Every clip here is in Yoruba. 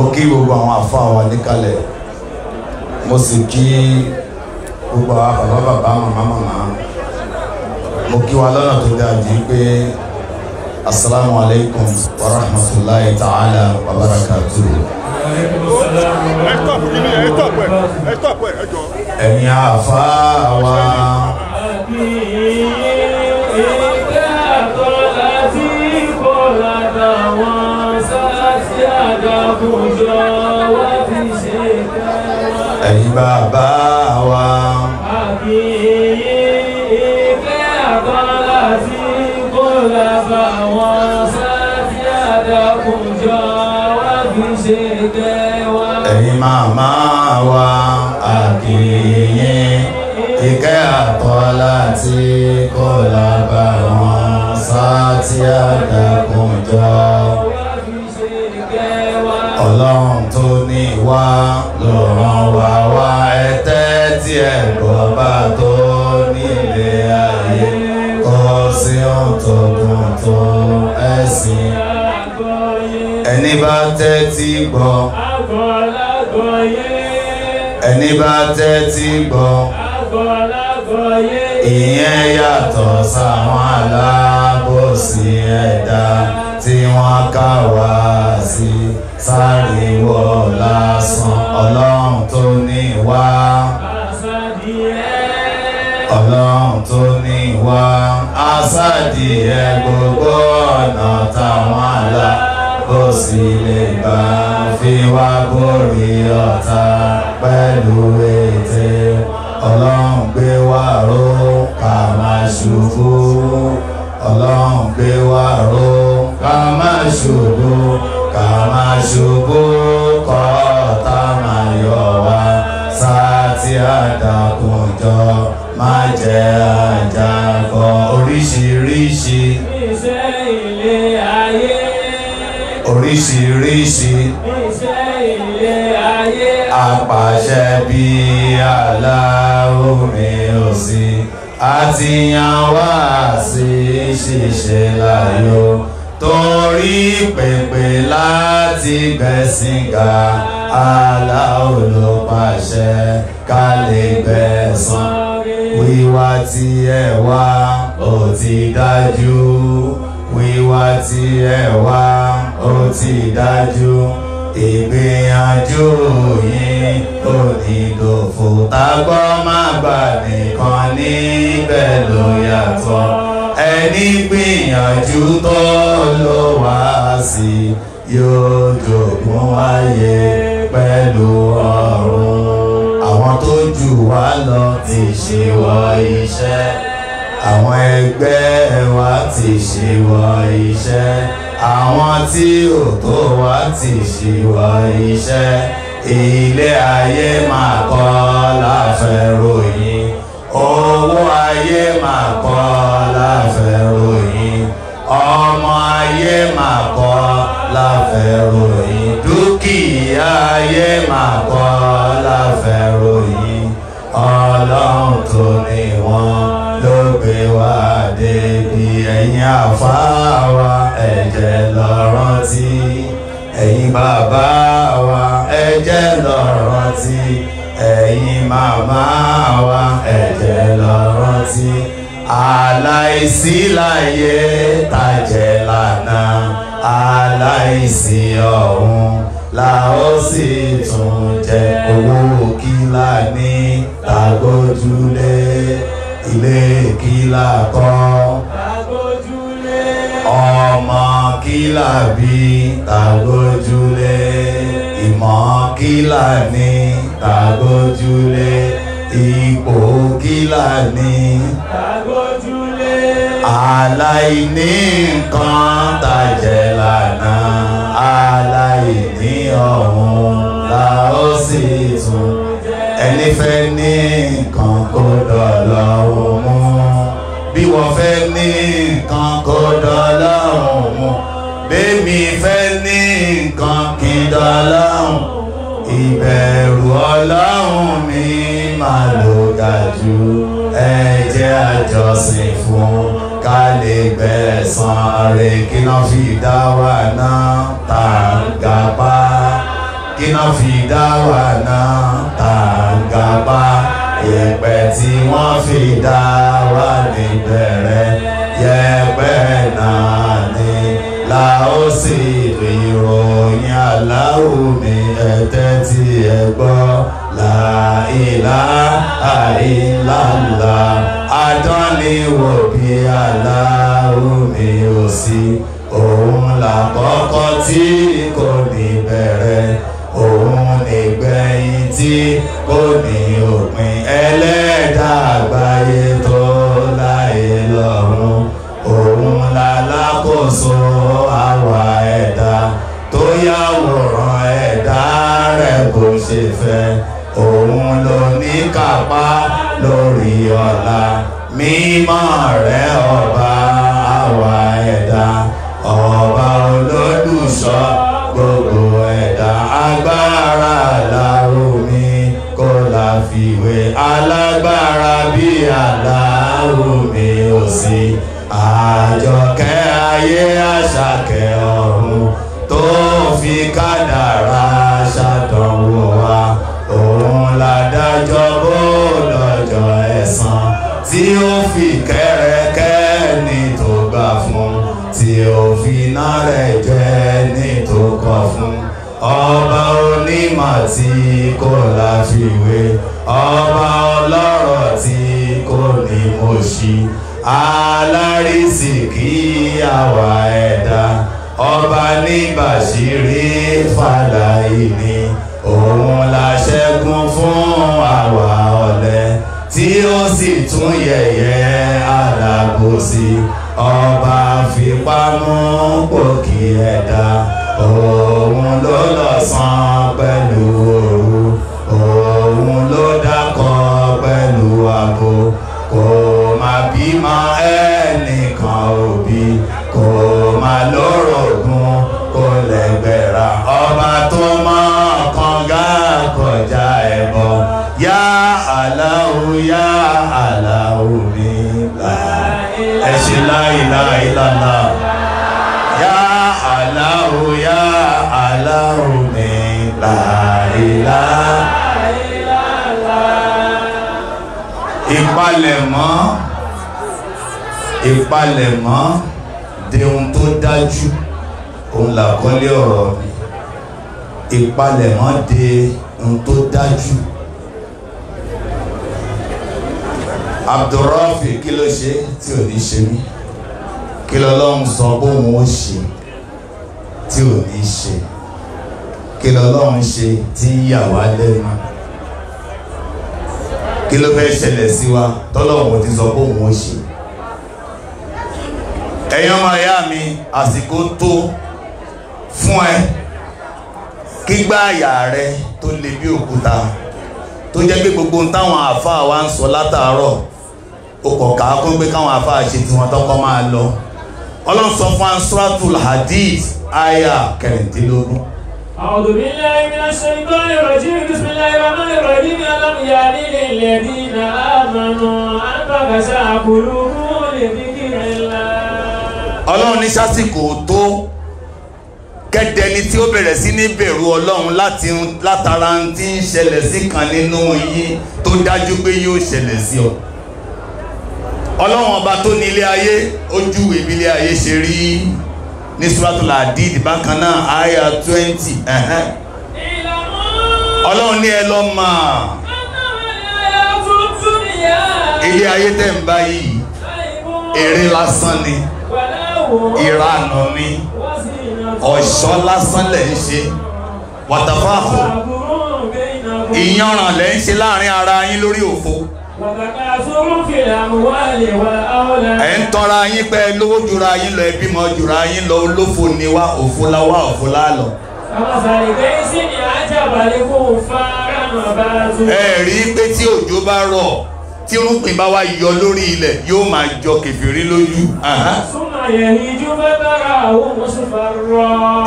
mo kí gbogbo àwọn àfa wa níkàlẹ̀ mo sì kí gbogbo àwọn bàbá bàbá màmá màmá mo kí wa lọ́nà tó dáa jí pé asalaamu alaykum wa rahmatulahi ta'ala wa barakatuhu. ẹ̀yin àfa wa. Bravo! ẹ̀yin bàbá wa. àbí ìfẹ́ àkọ́lá tí kò lábà wọn sáfì àdàkùnjọ wá fi ṣe tẹ́ wá. ẹ̀yin màmá wa àbí ìkẹ́ àkọ́lá tí kò lábà wọn sáfì àdàkùnjọ. ẹni bá tẹ́tí gbọ́ agọ́lágọ́ yé ẹni bá tẹ́tí gbọ́ agọ́lágọ́ yé ìyẹn yàtọ̀ sáwọn alábòsí ẹ̀dá tí wọ́n kà wá sí sáréwọ̀ lásán ọlọ́run tó ní wá ọlọ́run tó ní wá àsádìẹ gbogbo ọ̀nà táwọn alábòsí kò sì lè bá fi wá borí ọ̀tá pẹ̀lú ète ọlọ́run gbé wá ró máa ṣubú. ṣiṣẹ́ bí aláwo mi ò sí àti yan wá sí ṣiṣẹ́ láyọ̀ torí pèpè láti gbẹ̀sìn ga aláwo ló pàṣẹ ká lè gbẹ̀san wíwá tí ẹ wá ó ti dájú wíwá tí ẹ wá ó ti dájú ìgbìyànjú yín ò ní dòfò tágbọ́ má gbà nìkan níbẹ̀ ló yàtọ̀ ẹni gbìyànjú tó ló wá sí yóò jogún ayé pẹ̀lú ọ̀run àwọn tó jù wá lọ ti ṣe wọ iṣẹ́ àwọn ẹgbẹ́ wa ti ṣe wọ iṣẹ́ àwọn tí ò tó wa ti ṣìwọ iṣẹ́ ilé ayé máa kọ́ láfẹ́ ròyìn owó ayé máa kọ́ láfẹ́ ròyìn ọmọ ayé máa kọ́ láfẹ́ ròyìn dúkìá ayé máa kọ́ láfẹ́ ròyìn ọlọ́run tó ní wọn ló gbé wá débi ẹ̀yìn àfáà wa jẹ́ lọ rántí ẹ̀yin bàbá wa ẹ jẹ́ lọ rántí ẹ̀yin màmá wa ẹ jẹ́ lọ rántí aláìsí láyé tàjẹ́ lánàá aláìsí ọ̀hún la ó sì tún jẹ owó kílà ní tàgójúlé ilé kílà kan ọmọ kílà bí ta lójúlé ìmọ̀ kílà ní ta lójúlé ipò kílà ní ta lójúlé aláìní nǹkan tàjẹ̀ lànà aláìní ọ̀hún la ó sì tún ẹni fẹ́ ní. ṣáájú ẹ jẹ́ àjọsìn fún ká lè gbẹ̀san rẹ̀ kí náà fi dá wa náà tá a gapá kí fi dá wa náà tá a gapá yẹ̀pẹ̀ tí wọ́n fi dá wa ní bẹ̀rẹ̀ yẹ̀pẹ̀ náà ni la ó sì rí ìròyìn aláwo ẹ̀tẹ́ tí ẹ gbọ́ ilaha illallah adánléwò bí aláwo mi ò sí òun làkọ́kọ́ tí kò ní bẹ̀rẹ̀ òun nìgbẹ̀yìn tí kò ní òpin ẹlẹ́dàá àgbáyé tó láyé lọ́run òun lálákòóso àwa ẹ̀dá tó yàwòrán ẹ̀dá rẹ̀ bó ṣe fẹ́ kápá lórí ọ̀la mímọ́ rẹ ọba àwa ẹ̀dá ọba olólùṣọ́ gbogbo ẹ̀dá agbára làró mi kó la fiwé alágbára bí àlàó mi ò sí àjọkẹ́ ayé àṣàkẹ́ ọ̀run tó fi kádàrá. tí kò láfiwé ọba ọlọ́rọ̀ tí kò ní mọ̀ṣí alárísìkí àwa ẹ̀dá ọba ní bàṣírí fàlàyé ni òun la ṣẹ́gun fún àwa ọ̀lẹ tí ó sì tún yẹ̀yẹ́ alábòsí ọba fipá mú pòkì ẹ̀dá òun ló lọ san. ìpalẹ̀mọ́ ìpalẹ̀mọ́ de ohun tó dájú òun làkọ́lé ọ̀rọ̀ mi ìpalẹ̀mọ́ de ohun tó dájú. Abdulrafi kí ló ṣe tí ò ní ṣe mí kí lọ́lọ́run sọ bóun ó ṣe tí ò ní ṣe kí lọ́lọ́run ṣe tí ń yà wá lẹ́nu kí ló fẹ́ ṣẹlẹ̀ sí wa tọ́lọ́wọ̀n ti sọ pé òun ó ṣe ẹ̀yin ọmọ ìyá mi àsìkò tó fún ẹ kígbá àyà rẹ tó le bí òkúta tó jẹ́ pé gbogbo táwọn àáfàá wa ń sọ látàárọ̀ o kò ká kó pé káwọn àáfàá ṣe tiwọn tọkọ máa lọ ọlọ́run sọ fún ansuratul hadith aya kẹrìndínlógún. أعوذ بالله من الشيطان الرجيم بسم الله الرحمن الرحيم ألم يأن للذين آمنوا أن تخشع قلوبهم لذكر الله Ọlọ́run ní sásìkò tó kẹ́dẹ́ni tí ó bẹ̀rẹ̀ sí ní bẹ̀rù Ọlọ́run láti látara tí ń ṣẹlẹ̀ sí kan nínú yín tó dájú pé yóò ṣẹlẹ̀ sí ọ Ọlọ́run ọba tó ní ilé ayé ó júwèé bí ilé ayé ṣe rí i ní suratul Hadid bákan náà àyà twenty ọlọ́run ní ẹ lọ́ mọ̀ ilé ayé tẹ̀ ń bá yìí eré lásán ni ìranù ni ọ̀ṣọ́ lásán lẹ̀ ń ṣe wàtàfáàfọ̀ ìyanràn lẹ̀ ń ṣe láàrin ara yín lórí òfo ẹ̀ ń tọ́ra yín pé lówó jura yín lọ ẹbí mọ́ jura yín lọ olófo ni wá òfo la wá òfo la lọ. ẹ rí i pé tí òjò bá rọ̀ tí irúgbìn bá wá yọ lórí ilẹ̀ yóò máa jọ kẹfìrí lójú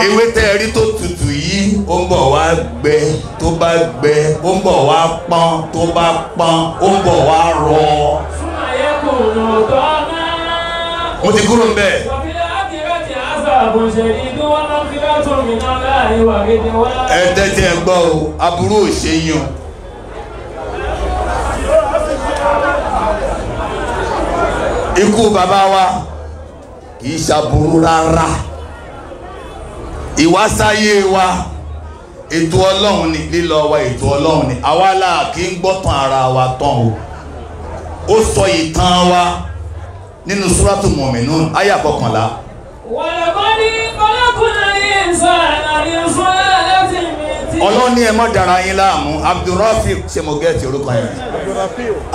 ewé tẹ́ ẹ rí tó tutù yìí ó ń bọ̀ wá gbẹ tó bá gbẹ ó ń bọ̀ wá pọ́n tó bá pọ́n ó ń bọ̀ wá rọ. mo ti kúrò ń bẹ̀. ẹ tẹ́tí ẹ gbọ́ o aburú ò ṣe yàn. ikú bàbá wa kì í ṣàbùrú rárá ìwásáyé wa ètò ọlọ́run ni lílọ wa ètò ọlọ́run ni àwa là kì í gbọ́tàn ara wa tán o ó sọ ìtàn wa nínú súrátù mọ̀mìnún àyà kọkànlá. wàlúkọ́ ní ọlọ́kùnrin yìí ń àlàyé fún ẹ ọlọ́run ní ẹ má dara yín láàmú abdulrafiu ṣe mo gẹ́ ti orúkọ yẹn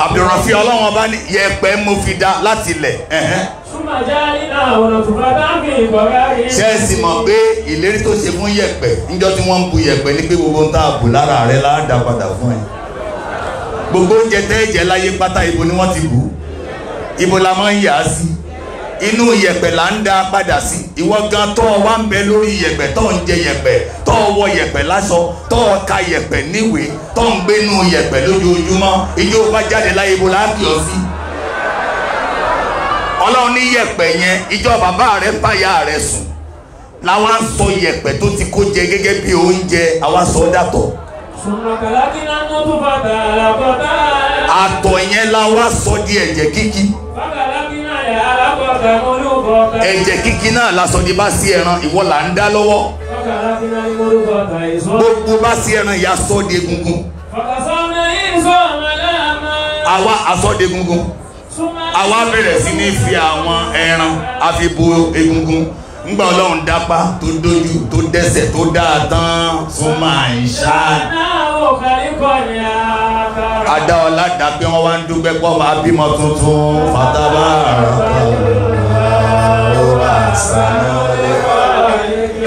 abdulrafiu ọlọ́run ọba ní yẹpẹ mo fi da láti lẹ̀. ṣé ẹ sì mọ̀ pé ìlérí tó ṣe fún yẹpẹ níjọ́ tí wọ́n ń bu yẹpẹ ní pé gbogbo ń tá a bù lára rẹ láàdá padà fún ẹ gbogbo oúnjẹ tẹ́ ẹ̀jẹ̀ láyé pátá ibo ni wọ́n ti bù ibo la máa ń yà á sí inú yẹ̀pẹ̀ là ń da padà sí ìwọ gan tó o wá ń bẹ lórí yẹ̀pẹ̀ tó ń jẹ yẹ̀pẹ̀ tó o wọ yẹ̀pẹ̀ lásọ tó o ka yẹ̀pẹ̀ níwèé tó ń gbénu yẹ̀pẹ̀ lójoojúmọ́ ìjọ bá jáde láyé ibo là ń kì ọ́ sí. ọlọ́run ní yẹ̀pẹ̀ yẹn ìjọ bàbá rẹ̀ báyà rẹ̀ sùn làwọn á sọ tó ti kó jẹ gẹ́gẹ́ bí oúnjẹ àwa sọ dàtọ̀. àtọ̀ yẹn la ẹ̀jẹ̀ kíkí náà lásán ni bá sí ẹran ìwọ là ń dá lọ́wọ́ gbogbo bá sí ẹran ìyá sọ́ọ̀dì egungun àwa àsọ́ọ̀dì egungun àwa bẹ̀rẹ̀ sí ní fi àwọn ẹran àfi bo egungun ngba Ọlọ́run dápá tó dójú tó dẹ́sẹ̀ tó dáa tán súnmọ́ àìṣá. náà wò kárí kọ́ ni a adá ọlá dá pé wọ́n wá ń dúpẹ́ pọ́ máa bímọ tuntun fatabá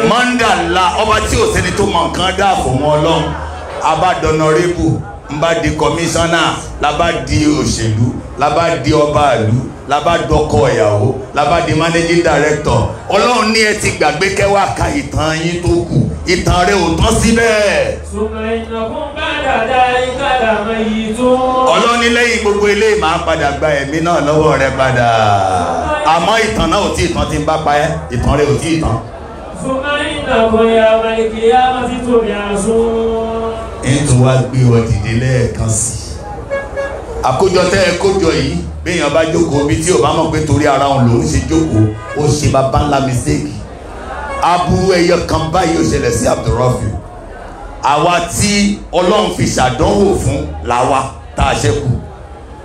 mọ́ndàlá ọba tí ò sẹ́ni tó mọ nǹkan dá fún wọn lọ́hùn ń bá di kọmíṣánná la di òṣèlú la di ọba ìlú Laba dọkọ ìyàwó labá di managing director ọlọ́run ní ẹ ti gbàgbé kẹwàá ka ìtàn yín tó kù ìtàn rẹ ò tán síbẹ̀. ṣùgbọ́n ìtàkùn bá dàda ìkàlà mọ iyì tó. ọlọ́run ní lẹ́yìn gbogbo eléyìí máa padà gba ẹ̀mí náà lọ́wọ́ rẹ padà àmọ́ ìtàn náà ò tí ìtàn ti ń bá pa ẹ́ ìtàn rẹ ò tí ìtàn. ṣùgbọ́n ìtàkùn ìyàwó ìkìyà máa ti tòbi àṣùn. ètò wa gbé ọ dìde lẹ́ẹ̀kan sí àkójọ tẹ́ ẹ kójọ yìí béèyàn bá jókòó bí tí ò bá mọ̀ pé torí ara òun lòún ṣe jókòó ó ṣe bàbá ńlá mistake aburú ẹyọ kan báyìí ó ṣẹlẹ̀ sí Abdulrafi àwa tí Ọlọ́run fi ṣàdánwò fún làwa tá a ṣẹ́kù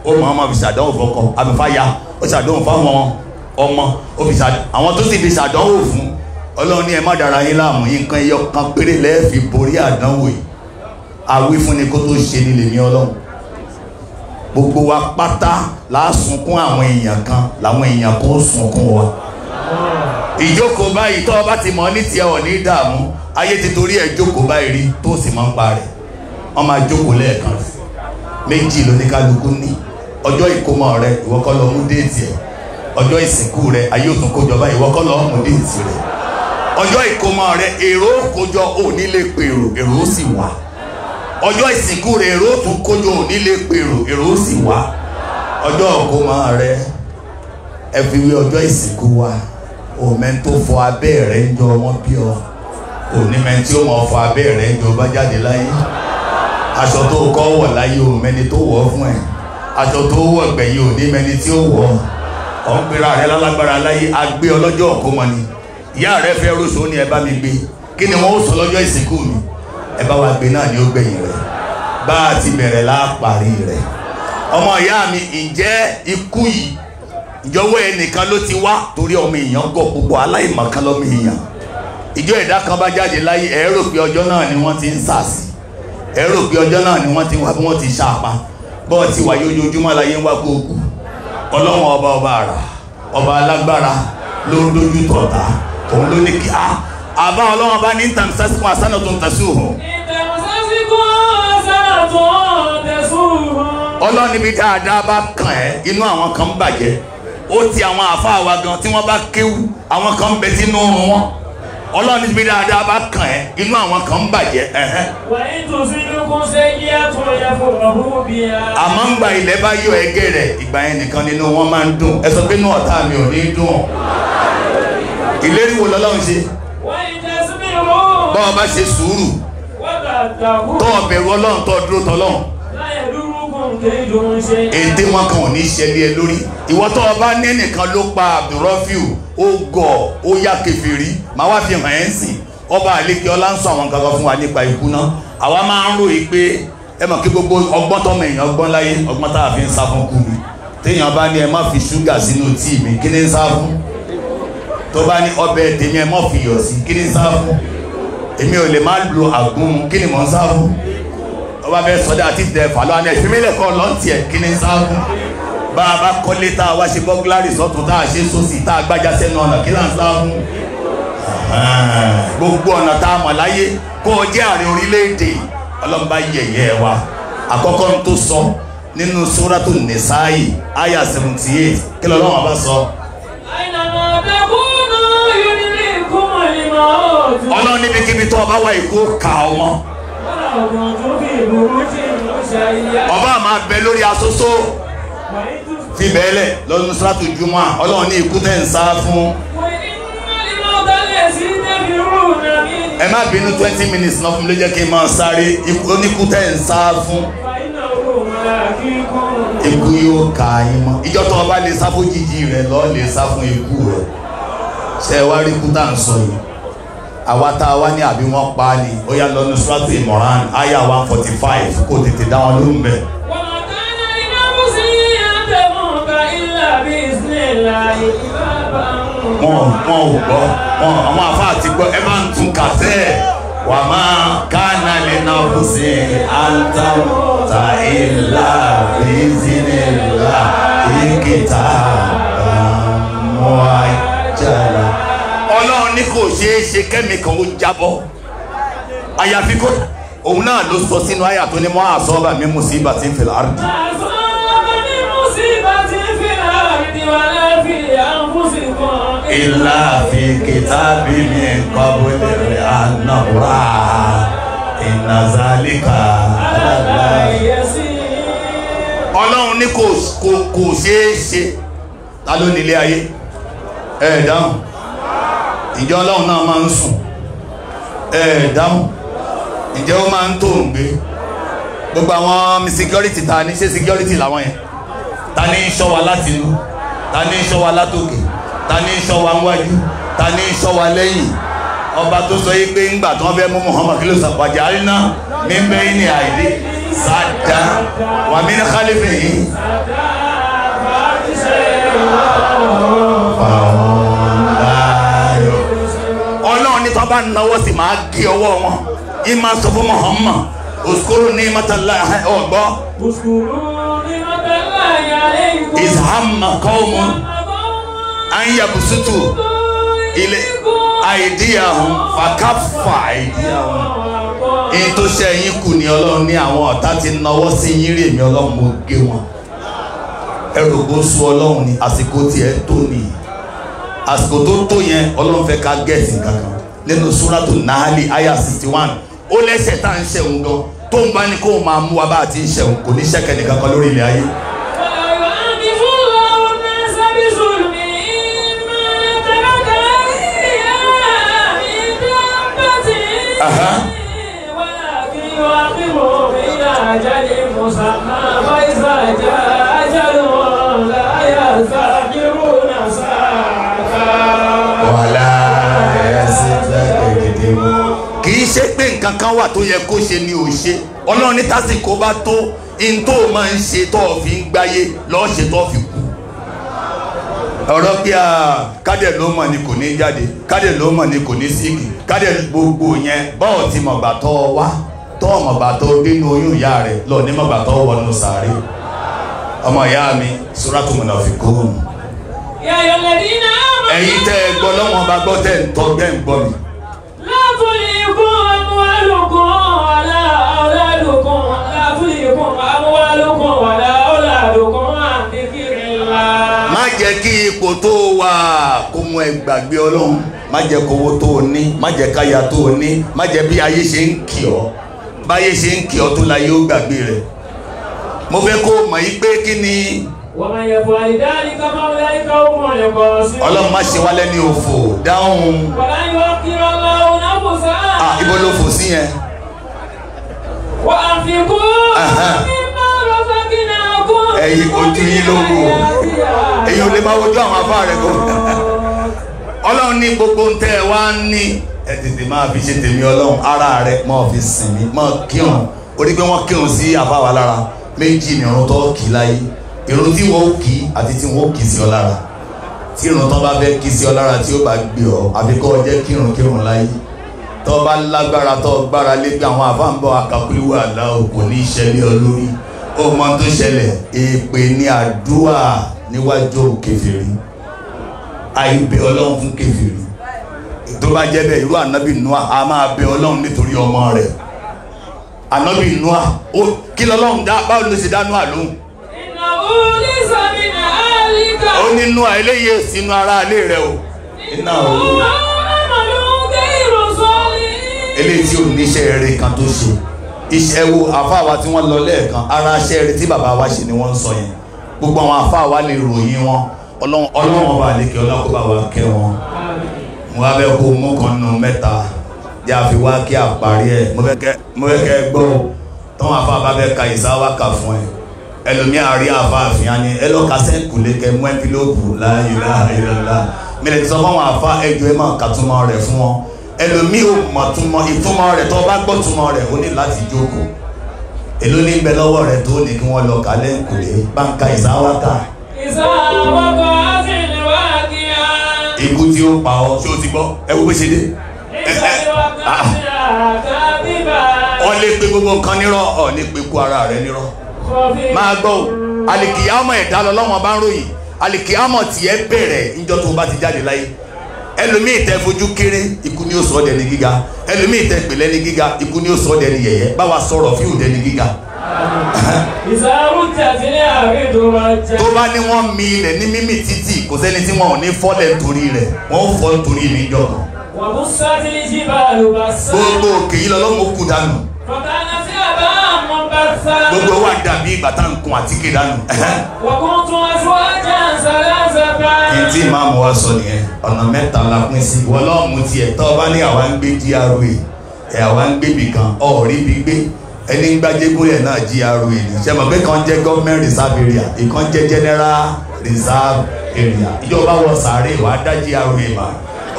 ó mọ̀ ọmọ fi ṣàdánwò fọkọ àbífáyà ó ṣàdánwò fáwọn ọmọ ó fi ṣàdánwò àwọn tó sì fi ṣàdánwò fún Ọlọ́run ní ẹ má dára yín láàmú yín nǹkan ẹyọ kan péré lẹ́ẹ̀fi borí àdánwò yìí àwífúnni kó tó ṣe ni lèmi Ọlọ́run gbogbo wa la lásunkún àwọn èèyàn kan làwọn èèyàn kan ó wa ìjókòó báyìí tó o bá ti mọ̀ ní tiẹ̀ ò ní dààmú ayé ti torí ẹ̀ jókòó báyìí rí tó o sì máa ń pa rẹ̀ wọ́n máa jókòó lẹ́ẹ̀kan rẹ̀ méjì lóníkálukú ní ọjọ́ ìkómọ rẹ̀ ìwọ kọ́ ló mú déètì ẹ̀ ọjọ́ ìsìnkú rẹ̀ ayé òtún kójọba ìwọ mú déètì rẹ̀ ọjọ́ ìkómọ rẹ̀ èrò kójọ òní lè pèrò èrò sì wà ọjọ́ ìsìnkú rẹ̀ èrò tún kójú òní lè pèrò èrò sì wá ọjọ́ ìkómọ rẹ ẹ fi wé ọjọ́ ìsìnkú wa òmẹ́ni tó fọ abẹ́ rẹ̀ ń jọ wọ́n bí ọ òní mẹ́ni tí ó mọ̀ fọ abẹ́ rẹ̀ ń jọ bá jáde láyé aṣọ tó kọ́ wọ̀ láyé òmẹ́ni tó wọ̀ fún ẹ̀ aṣọ tó wọ̀ gbẹ̀yìn òní mẹ́ni tí ó wọ̀ ọ̀ ń pera rẹ lálágbára láyé agbé ọlọ́jọ́ ìkómọ ni ìyá rẹ fẹ́ rúṣọ ni ẹ bá mi gbé kí ni wọ́n ó sọ lọ́jọ́ ìsìnkú mi ẹ bá wa gbé náà ni ó gbẹ̀yìn rẹ̀ bá a ti bẹ̀rẹ̀ láàparí rẹ̀ ọmọ ìyá mi ǹjẹ́ ikú yìí ìjọwọ́ ẹnìkan ló ti wá torí ọmọ èèyàn gọ̀ púpọ̀ aláìmọ̀kan lọ́mọ èèyàn ìjọ ẹ̀dá kan bá jáde láyé ẹ rò pé ọjọ́ náà ni wọ́n ti ń sàsì ẹ rò pé ọjọ́ náà ni wọ́n ti wá bí wọ́n ti ṣàpá bọ́ọ̀ ti wáyé ojoojúmọ́ láyé ń wá kó ọlọ́wọ́n ọba ọba àrà ọba alágbára ló ń dojú tọ̀ta òun ló ní kí á ah, àbá ọlọ́wọ́n bá ní ń tàn sásìkò àsánà tó ń tẹ̀sù hù. ọlọ́run níbi dáadáa bá kàn ẹ́ inú àwọn kan bàjẹ́ ó ti àwọn àáfàá wa gan tí wọ́n bá kéwú àwọn kan bẹ tí inú oorun wọn ọlọ́run níbi dáadáa bá kàn ẹ́ inú àwọn kan bàjẹ́. wàyí tó sí lókun ṣe kí á tó yẹ kó ọ̀hún bí i. àmọ́ ń gba ilẹ̀ bá yọ ẹgẹ́ rẹ̀ ìgbà yẹn nìkan nínú wọn máa ń dùn ẹ sọ pé inú ọ̀tá mi ò ní dùn ìlérí wo lọ́lọ́run ṣe báwọn bá ṣe sùúrù tó ọ̀bẹ̀rù ọlọ́run tó dúró tọ́lọ́run èdè wọn kan ò ní ṣẹlẹ̀ ẹ lórí ìwọ tó o bá ní nìkan ló pa abdulrafiu ó gọ̀ ó yá kẹfìrí màá wá fi hàn ẹ́ sìn ọba àlekè ọlá ń sọ àwọn kankan fún wa nípa ikú náà àwa máa ń ròyìn pé ẹ mọ̀ kí gbogbo ọgbọ́n tọ́mọ èèyàn ọgbọ́n láyé ọgbọ́n tá a fi ń sá fún kú mi téèyàn bá ní ẹ má fi ṣúgà sínú tíì mi kí ni ń sá fún tó bá ní ọbẹ̀ tèmi ẹ má fi yọ̀ sí kí ni ń sá fún èmi ò lè má lu àgún kí ni mò ń sáfù ọba bẹ sọdá àti tẹ fàlọ àná ìfimilẹ kọ lọntì ẹ kí ni sáfù bá a bá kọ́lé tá a wá ṣe bọ́gílárì sọ́tún tá a ṣe sósì tá a gbájà sẹ́nu ọ̀nà kí là ń sáfù gbogbo ọ̀nà tá a mọ̀ láyé kó o jẹ́ ààrẹ orílẹ̀-èdè ọlọ́mọba yẹ̀yẹ́ wa àkọ́kọ́ ń tó sọ nínú sóràtò nìsáyì àyà seventy eight kí lọ́lọ́wọ́n bá sọ. àìlànà ọ̀bẹ ọlọ́run níbikíbi tó ọba wá ikú ka ọmọ ọba máa bẹ lórí asosó fi bẹ́ẹ̀lẹ̀ lọ́dún sátú jùmọ̀ ọlọ́run ní ikú tẹ̀ ń sá fún. ẹ má bínú twenty minutes náà fún mi ló jẹ́ kí n máa sáré oníkú tẹ̀ ń sá fún. ikú yóò ka yín mọ́ ìjọ tó ọba lè sá fún jíjí rẹ̀ lọ́ọ́ lè sá fún ikú rẹ̀ ṣé ẹ wá rí ikú ń sọ yìí àwa tá a wá ní àbí wọ́n pa á ní ó yá lọ ní aya one forty five kó tètè dá wọn lóhùn bẹ́ẹ̀. wọn wọn ò gbọ́ àwọn afa àti gbọ́ ẹ máa ń tún kà bẹ́ẹ̀ wà má kánà lè na ọ̀sẹ̀ àtàwọ̀tà ìlà ìzìnlá ìkẹta àmọ́ àjàlá ní kò ṣeé ṣe kẹ́mìkan ó jábọ́ àyàfi kó òun náà ló sọ sínú àyà tó ní mọ́ àsọ́ọ́bà mi mùsíbà tí ń fil ardi. àsọ́ọ́bà mi mùsíbà tí ń fil ardi wà láfi anfusikum. ìlà fi kìtàbí mi kọ́ bó lè rí àná wá ìnà zálíkà àlàlá. ọlọ́run ní kò ṣeé ṣe ta ló nílé ayé ẹ̀ ìjọ ọlọ́run náà máa ń sùn ẹ̀ dáhùn ǹjẹ́ ó máa ń tó òǹgbé gbogbo àwọn security ta ni ṣé security làwọn yẹn ta ni ń ṣọ́ wa láti inú ta ni ń ṣọ́ wa látòkè ta ni ń ṣọ́ wa níwájú ta ni ń wa lẹ́yìn ọba tó sọ yìí pé ńgbà tí wọ́n fẹ́ mú Muhammad kí ló sàpàjá rí náà ní bẹ́ẹ̀ ní àìdí sáàdá wà mí ní kálífì yìí. fàwọn. tán bá náwó sì máa gé ọwọ́ wọn yìí máa sọ fún Muhammad òṣùkúrú ní mọ́tàlá ọ̀gbọ́. òṣùkúrú ní mọ́tàlá yàrá ìgbọ́. ìsàmà kọ́ọ̀mù ilé àìdíyàwó fàkàfà àìdíyàwó. tó ṣe kù ti náwó sí yín ọlọ́run mo gé wọn. ẹrù ọlọ́run lẹ́nu súrátù nahali aya sixty one ó lẹ́sẹ̀ tá à ń ṣẹ̀wọ̀n gan tó ń bá ní kó máa mú wa bá a ti ń ṣẹ̀wọ̀n kò ní ṣẹ̀kẹ̀ nìkan kan lórí ilẹ̀ ayé. أجل مسمى فإذا جاء أجل لا يرتاب nǹkan kan wà tó yẹ kó ṣe ni ò ṣe ọlọ́run ní tásìkò bá tó in tó máa ń ṣe tó fi ń gbáyé lọ́ọ́ ṣe tó fi kú. ọ̀rọ̀ pé a kádẹ̀ ló mọ̀ ni kò ní jáde kádẹ̀ ló mọ̀ ni kò ní síkì kádẹ̀ gbogbo yẹn bọ́ọ̀ ti mọ̀gbà tó wá tó mọ̀gbà tó nínú oyún ìyá rẹ̀ lọ ní mọ̀gbà tó wọnú sàárè ọmọ ìyá mi suratu munafikun. ẹ̀yin tẹ́ ẹ gbọ́ lọ́wọ́n bá gbọ́ tẹ́ ń tọ́ tẹ́ ń gbọ́ mi. ipò tó wà kó mú ẹ gbàgbé ọlọ́run má jẹ́ kówó tó o ní má jẹ́ káyà tó o ní má jẹ́ bí ayé ṣe ń kì ọ́ báyé ṣe ń kì ọ́ tó la yóò gbàgbé rẹ̀ mo fẹ́ kó mọ̀ yí pé kí ni. ọlọ́run má ṣe wálé ní òfò dáhùn. Ah, ibo ló fò sí yẹn. wà á fi kú ẹ̀yin ojú yín lógún ẹ̀yin ò lè máa wojú àwọn afá rẹ̀ kọ́ ọlọ́run ní gbogbo ń tẹ́ ẹ wá ń ní ẹ tètè máa fi ṣe tèmi ọlọ́run ara rẹ máa fi sìn mí máa kírun orí pé wọ́n kírun sí àfá wa lára méjì ní irun tó kì í láyé irun tí wọ́n kì í àti tí wọ́n kì í sí ọ lára tí irun tó bá fẹ́ kì í sí ọ lára tí ó bá gbé ọ àfi kọ́ ọ jẹ́ kírun kírun láyé tó bá lágbára tó gbára lé pé àwọn àfáà ń bọ̀ àkàkúlé wà láò ní í ṣẹlẹ̀ ọ lórí ó mọ tó ṣẹlẹ̀ èpè ní àdúrà níwájú kèfèrí àìbẹ̀ ọlọ́run fún kèfèrí tó bá jẹ́ bẹ́ẹ̀ irú ànábì Noa a máa bẹ ọlọ́run nítorí ọmọ rẹ̀ ànábì Noa ó kí lọ́lọ́run dá báwo ló ṣe dá Noa lóhùn. ìnáwó ní sàmìnà àlìkà. ó ní Noa eléyìí sínú ara ilé rẹ o. ìnáwó ọmọ ló ń gé ìrọ̀sọ́ ni. eléyìí tí ò níṣẹ́ rere kan tó ṣe iṣẹ́ wo àfa wa tí wọ́n lọ lẹ́ẹ̀kan ara aṣẹ́ rẹ tí bàbá wa ṣe ni wọ́n ń sọ yẹn gbogbo àwọn àfa wa lè ròyìn wọn ọlọ́run ọlọ́run bá lè kí ọlọ́run bá wa kẹ́ wọn mo wá bẹ́ẹ̀ kó mú kan nù mẹ́ta jẹ́ àfi wá kí àparí ẹ̀ mo fẹ́ kẹ́ gbọ́ tán àfa bá bẹ́ẹ̀ ka ìsáwá kà fún ẹ ẹlòmíà rí àfa àfihàn ni ẹ lọ́ọ́ kásẹ̀ kùlé kẹ́ mú ẹ́ńfílóòpù láyé láyé lọ́la mi lè sọ fún àwọn àfa ẹjọ́ ẹ máa kàtúmọ̀ rẹ̀ fún wọn ẹlòmíì ò mọ̀ túmọ̀ ìtumọ̀ rẹ̀ tó bá gbọ́ túmọ̀ rẹ̀ ó ní láti jókòó èló ní bẹ lọ́wọ́ rẹ̀ tó ní kí wọ́n lọ kálẹ̀ kùlé báńkà ìsáwáká. ìsáwáká á sì ní wá kí á. ikú tí ó pa ọ tí ó ti gbọ́ ẹ wo bó ṣe dé. ìsáwáká sí àkàbíbà. ọ lè pe gbogbo nǹkan nírọ́ ọ lè pe kú ara rẹ nírọ́. máa gbọ́ ẹlòmíì tẹ fojú kéré ikú ni ó sọ ọ́ dẹni gíga ẹlòmíì tẹ pèlẹ́ ni gíga ikú ni ó sọ ọ́ dẹni yẹ̀yẹ́ báwa sọ̀rọ̀ fíhùn dẹni gíga. ìsàrú tẹ̀sí ní àrídùn máa jẹ́. tó bá ní wọ́n mi ilẹ̀ ní mímì títì kò sẹ́ni tí wọn ò ní fọ́lẹ̀ nítorí rẹ̀ wọ́n ń fọ́ nítorí mi jọ. wọ́n sátìlì jí bá a lò bá sá. gbogbo òkè yìí lọ́lọ́mọ kù dànù. kọ̀tánà bàbá àwọn bàtà. gbogbo wa dàbí bàtà nkun àtíkè dànù. wọ́n tún aṣọ ajá ṣàlàṣàbà. kí n tí máa mú wa nìyẹn ọ̀nà mẹ́ta la pín sí wọ́n lọ́ọ̀ tiẹ̀ tọ́ bá ní àwa ń gbé dra ẹ̀ àwa ń gbé bìkan ọ̀ọ́rí bí gbé ẹni gbajẹ́gúnlẹ̀ náà gra ni ṣe mọ̀ pé kan jẹ́ government reserve area ìkan jẹ́ general reserve area ìjọba wọ sàárè wà á dá gra mà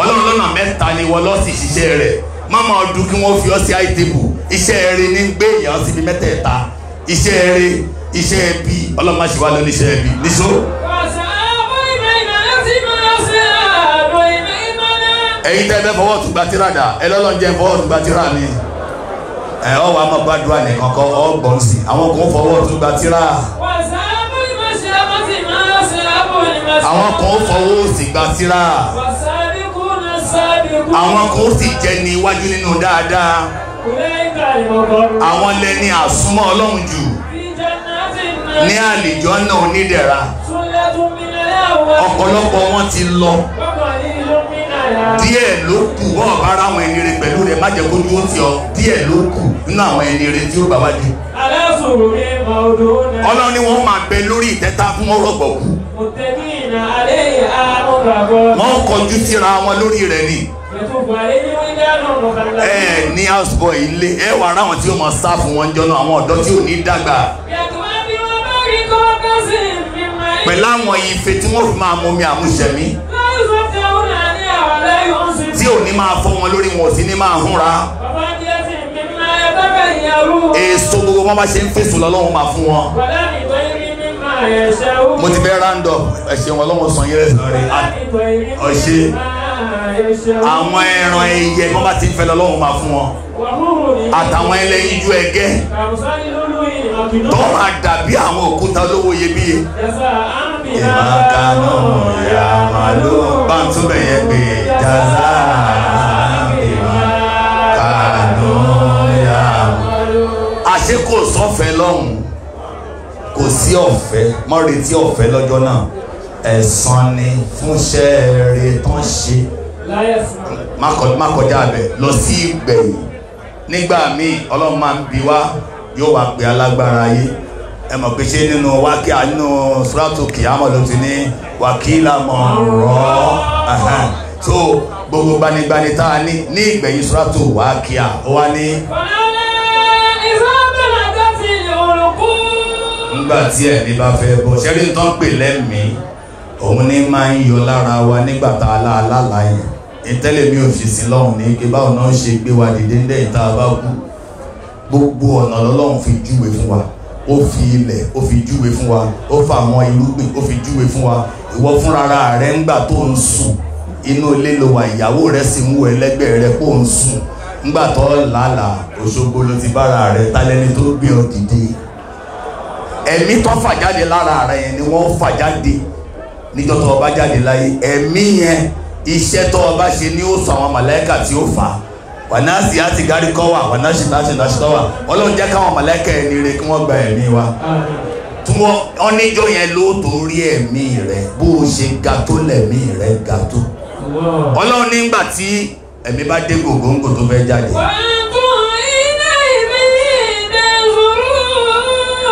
ọlọ́run lọ́nà mẹ́ta ni wọ́n lọ́ọ́ iṣẹ́ eré ní gbé èèyàn síbi mẹ́tẹ̀ẹ̀ta iṣẹ́ eré iṣẹ́ ẹbí ọlọ́mọ àṣìwá ló ní iṣẹ́ ẹbí níṣó. ẹ̀yin tẹ́ ẹ fẹ́ fọwọ́ tún gba tíra dà ẹ lọ́lọ́n jẹ́ fọwọ́ tún gba tíra mi ẹ ọ wà á máa gbàdúrà nìkan kọ ọ gbọ̀n sí àwọn kan fọwọ́ tún gba tíra. àwọn kan fọwọ́ sí gba tíra àwọn kan ó sì jẹ ní iwájú nínú dáadáa àwọn lẹni àsúnmọ́ ọlọ́run jù ní àlìjọ náà onídẹ̀ra ọ̀pọ̀lọpọ̀ wọn ti lọ díẹ̀ ló kù wọ́n bá ara àwọn ẹni rẹ pẹ̀lú rẹ má jẹ́ kó dúró tì ọ́ díẹ̀ ló kù nínú àwọn ẹni rẹ tí ó bá wá jù. ọlọ́run ni wọ́n máa bẹ lórí ìtẹ́ta fún ọ̀rọ̀ gbọ̀kú. wọ́n kọjú síra wọn lórí rẹ̀ ni ẹ ní houseboy ilé ẹ wà ara àwọn tí ó máa sá fún wọn jọ náà àwọn ọ̀dọ́ tí ò ní dàgbà. pẹ̀lú àwọn ife tí wọ́n fi máa mú mi àmúṣẹ̀mí. tí ò ní máa fọ́ wọn lórí wọn ò sí ní máa húnra. èso gbogbo wọn bá ṣe ń fèsò lọ́lọ́run máa fún wọn mo ti fẹ́ round up ẹ̀ṣẹ̀ wọn lọ́wọ́ sàn yẹn rẹ̀ ọ̀ṣẹ́ àwọn ẹran ẹyẹ bí wọ́n bá ti ń fẹ́ lọ́wọ́ máa fún wọn àtàwọn ẹlẹ́yinjú ẹgẹ́ tó máa dàbí àwọn òkúta olówó iyebíye. ìmọ̀kánú ìyá màlúù bá ń túbẹ̀ yẹn pé jàzá. ìmọ̀kánú kò sọ́fẹ́ lọ́hùn kò sí ọ̀fẹ́ mọ́ retí ọ̀fẹ́ lọ́jọ́ náà ẹ̀san ni fúnṣẹ́ rẹ̀ tán ṣe má kọjá abẹ lọ sí ìgbẹ̀yìn nígbà míì ọlọ́run máa ń bi wá yóò wá pe alágbára ayé ẹ mọ̀ pé ṣé nínú wákì nínú sùràtù kìámọ̀ ló ti ní wàkìlà mọ̀ rọ̀ so gbogbo gbanigbani tá a ní ní ìgbẹ̀yìn sùràtù wákì ó wá ní. nígbà tí ẹ̀mí bá fẹ́ bọ́ ṣẹ́rí tó pè lẹ́mìí òun ní máa ń yọ lára wa nígbà tá a lá a lálàá ìtẹ́lẹ̀ mi ò fi sí lọ́hùn ní ike báwọn náà ṣe gbé wa dìde ńlẹ̀ ìta bá kú gbogbo ọ̀nà lọ́lọ́run fi júwe fún wa ó fi ilẹ̀ ó fi júwe fún wa ó fa àwọn irúgbìn ó fi júwe fún wa ìwọ fúnra rẹ ńgbà tó ń sùn inú ilé ló wà ìyàwó rẹ sì mú ẹlẹgbẹ́ rẹ kó ń sùn ńgbà tó làálàá Òṣogbo ló ti bára rẹ tálẹ́ni tó gbé ọ dìde ẹ̀mí tó fà jáde lára rẹ yẹn ni wọ́n fà jáde níjọ́ tó bá jáde láyé ẹ̀mí yẹn iṣẹ́ tó ọba ṣe ní ó sọ àwọn mọ̀lẹ́kà tí ó fà á wànásì àti gari kọ́wà wà náà náà tọ́wà ọlọ́run jẹ́ káwọn màláìkà ẹni rẹ kí wọ́n gba ẹ̀mí wa tí wọ́n yẹn ló torí ẹ̀mí rẹ bó o ṣe ga tó lẹ̀mí rẹ ọlọ́run nígbà tí ẹ̀mí bá dé gògóńgò tó fẹ́ jáde.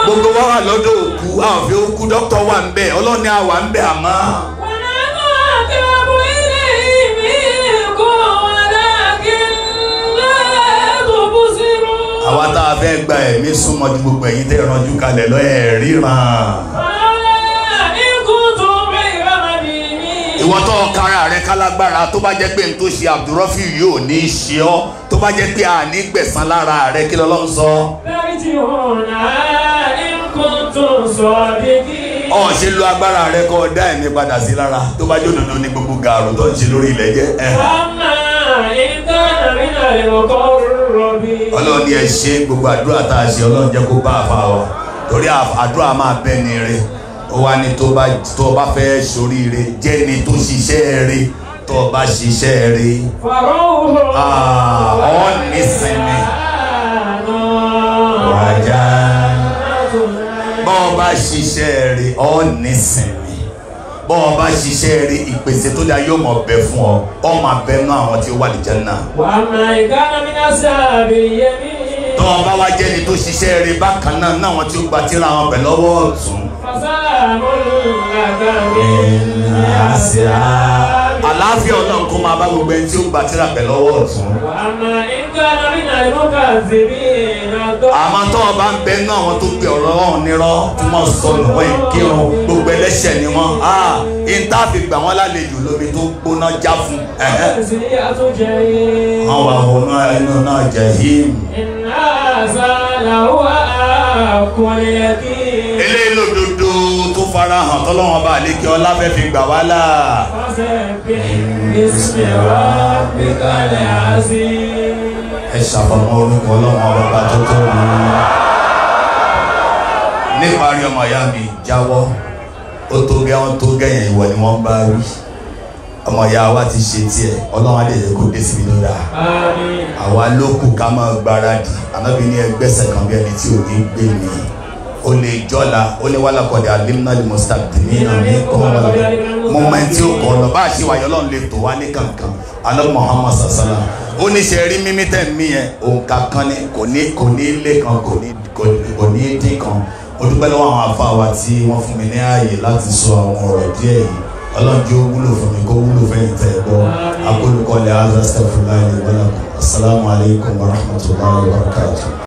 gbogbo wa wà lọ́dọ̀ òkú àwọn òfin òkú dókítà a ń àwa tá a fẹ́ gba ẹ̀mí súnmọ́ ju gbogbo ẹ̀yin tẹ́ ìrànjú kalẹ̀ lọ ẹ̀ ríran. ìwọ tó kára rẹ kálágbára tó bá jẹ́ pé n tó ṣe Abdulrafi yóò ní í ṣe ọ́ tó bá jẹ́ pé a ní gbẹ̀san lára rẹ kí lọ́lọ́run sọ. bẹ́ẹ̀ ti hùn sọ bí kí agbára rẹ kọ dá ẹ̀mí padà sí lára tó bá jóná ní gbogbo gàrú tó ń ṣe lórí ilẹ̀ jẹ́. ọmọ ìtàn àrínà lè kọ́ ọ́ ọlọ́run ni ẹ ṣe gbogbo àdúrà tá a ṣe ọlọ́run jẹ́ kó bá a fa wa torí àdúrà máa bẹ́ ni rẹ ó wá ní tó bá tó bá fẹ́ ṣoríire jẹ́ ni tó ṣiṣẹ́ rẹ tó bá ṣiṣẹ́ rẹ ọ̀ nísìnyí wàjà bọ́ bá ṣiṣẹ́ rẹ ọ̀ nísìnyí bọ́n bá ṣiṣẹ́ rí ìpèsè tó dáa yóò mọ̀ bẹ fún ọ ọmọ abẹ náà àwọn tí ó wà ní Jánnà. wà á mọ ìkànnì mi náà sábì yé mi. tọ́ ọ bá wá jẹ́ ni tó ṣiṣẹ́ rí bákan náà náà àwọn tí gba tíra wọn bẹ̀ lọ́wọ́ ọ̀tún. fàṣà àmúlùmí àgbà mi ní àṣà àlàáfíà ọlọ́run kó máa bá gbogbo ẹni tí ó ń gba tírà pẹ̀ lọ́wọ́ ọ̀tún. àmọ́ tó o bá ń bẹ náà wọn tó pe ọ̀rọ̀ ọ̀hún nírọ́ tí wọ́n sọ lọ́wọ́ ẹ̀ kírun gbogbo ẹlẹ́ṣẹ̀ ni wọ́n ìta ah, fi gbà wọ́n lálejò lómi tó gbóná já fún. wọ́n wà wọnú ẹnu náà jẹ́ yìí. ìnáṣà làwọn àkọlẹ̀ kí farahàn tọ́lọ́wọ́n bá lékè ọlá fẹ́ fi gbà wá là. ẹ ṣàfọ̀mọ́ orúkọ ọlọ́wọ́n ọba tó tó wù ú. níparí ọmọ ìyá mi jáwọ́ ó tó gẹ́ wọ́n tó gẹ̀yìn ìwọ ni wọ́n bá wí ọmọ ìyá wa ti ṣe tiẹ̀ ọlọ́run adé yẹ kó dé síbi lóra àwa ló ká máa gbáradì ànábi ní ẹgbẹ́sẹ̀ kan bí ẹni tí ò ní gbé mi o lè jọ́la ó ní wàhálà kọ́ni alimnali mustaqdimina ní kọ́ńtà mọ́mẹ́ntì òkò ọ̀nà bá a ṣe wáyé ọlọ́run lè tó wá ní kankan alẹ́ Muhammad sasana ó ní ṣe rí mímí tẹ̀ mí yẹn òǹkà kan ní kò ní kò ní lé kan kò ní dín kan ó dúpẹ́ lọ́wọ́ àwọn afa wa tí wọ́n fún mi ní ààyè láti sọ àwọn ọ̀rọ̀ díẹ̀ yìí ọlọ́run jẹ́ wúlò fún mi kó wúlò fẹ́yìn tẹ̀ gbọ́ akólukọ́lẹ̀ azaz tẹ̀ fúláyé